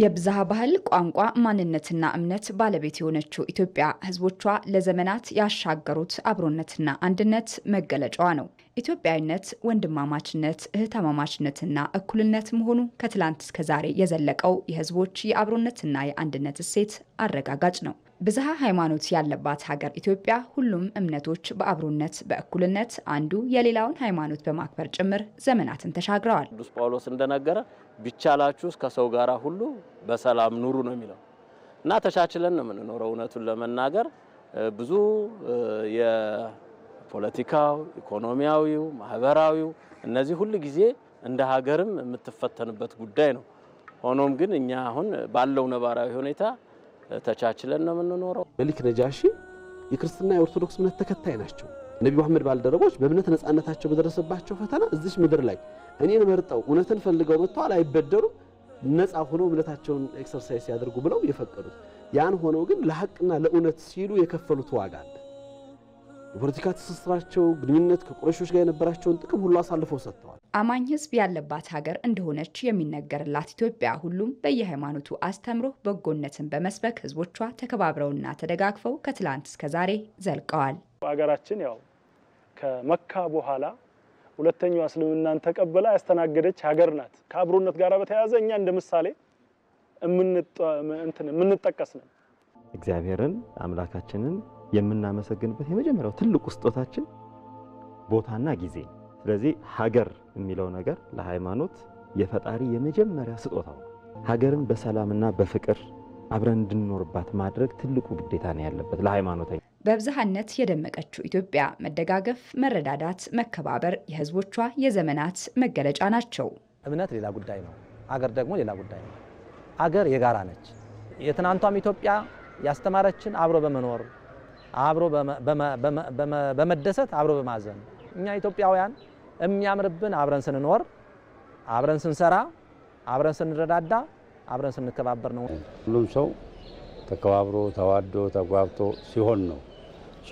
የብዝሃ ባህል ቋንቋ፣ ማንነትና እምነት ባለቤት የሆነችው ኢትዮጵያ ህዝቦቿ ለዘመናት ያሻገሩት አብሮነትና አንድነት መገለጫዋ ነው። ኢትዮጵያዊነት ወንድማማችነት፣ እህተማማችነትና እኩልነት መሆኑ ከትላንት እስከ ዛሬ የዘለቀው የህዝቦች የአብሮነትና የአንድነት እሴት አረጋጋጭ ነው። ብዝሃ ሃይማኖት ያለባት ሀገር ኢትዮጵያ ሁሉም እምነቶች በአብሮነት በእኩልነት አንዱ የሌላውን ሃይማኖት በማክበር ጭምር ዘመናትን ተሻግረዋል። ቅዱስ ጳውሎስ እንደነገረ ቢቻላችሁ ከሰው ጋር ሁሉ በሰላም ኑሩ ነው የሚለው እና ተቻችለን ነው የምንኖረው። እውነቱን ለመናገር ብዙ ፖለቲካው፣ ኢኮኖሚያዊው፣ ማህበራዊው እነዚህ ሁል ጊዜ እንደ ሀገርም የምትፈተንበት ጉዳይ ነው። ሆኖም ግን እኛ አሁን ባለው ነባራዊ ሁኔታ ተቻችለን ነው የምንኖረው። መሊክ ነጃሺ የክርስትና የኦርቶዶክስ እምነት ተከታይ ናቸው። ነቢዩ መሐመድ ባልደረቦች በእምነት ነጻነታቸው በደረሰባቸው ፈተና እዚች ምድር ላይ እኔን መርጠው እውነትን ፈልገው መጥተዋል። አይበደሩም። ነጻ ሆኖ እምነታቸውን ኤክሰርሳይዝ ያደርጉ ብለው የፈቀዱት ያን ሆነው ግን ለሀቅና ለእውነት ሲሉ የከፈሉት ዋጋ አለ። የፖለቲካ ትስስራቸው፣ ግንኙነት ከቁረሾች ጋር የነበራቸውን ጥቅም ሁሉ አሳልፈው ሰጥተዋል። አማኝ ህዝብ ያለባት ሀገር እንደሆነች የሚነገርላት ኢትዮጵያ ሁሉም በየሃይማኖቱ አስተምሮ በጎነትን በመስበክ ህዝቦቿ ተከባብረውና ተደጋግፈው ከትላንት እስከ ዛሬ ዘልቀዋል። ሀገራችን ያው ከመካ በኋላ ሁለተኛዋ እስልምናን ተቀብላ ያስተናገደች ሀገር ናት። ከአብሮነት ጋር በተያያዘ እኛ እንደ ምሳሌ የምንጠቀስ ነው። እግዚአብሔርን አምላካችንን የምናመሰግንበት የመጀመሪያው ትልቁ ስጦታችን ቦታና ጊዜ። ስለዚህ ሀገር የሚለው ነገር ለሃይማኖት የፈጣሪ የመጀመሪያ ስጦታው ሀገርን በሰላምና በፍቅር አብረን እንድንኖርባት ማድረግ ትልቁ ግዴታ ነው ያለበት ለሃይማኖተኛ። በብዝሃነት የደመቀችው ኢትዮጵያ መደጋገፍ፣ መረዳዳት፣ መከባበር የህዝቦቿ የዘመናት መገለጫ ናቸው። እምነት ሌላ ጉዳይ ነው፣ አገር ደግሞ ሌላ ጉዳይ ነው። አገር የጋራ ነች። የትናንቷም ኢትዮጵያ ያስተማረችን አብሮ በመኖር አብሮ በመደሰት አብሮ በማዘን እኛ ኢትዮጵያውያን የሚያምርብን አብረን ስንኖር፣ አብረን ስንሰራ፣ አብረን ስንረዳዳ፣ አብረን ስንከባበር ነው። ሁሉም ሰው ተከባብሮ ተዋዶ ተጓብቶ ሲሆን ነው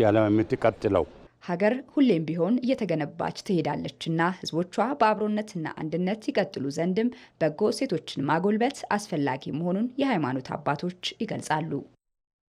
ዓለም የምትቀጥለው። ሀገር ሁሌም ቢሆን እየተገነባች ትሄዳለችና ህዝቦቿ በአብሮነትና አንድነት ይቀጥሉ ዘንድም በጎ ሴቶችን ማጎልበት አስፈላጊ መሆኑን የሃይማኖት አባቶች ይገልጻሉ።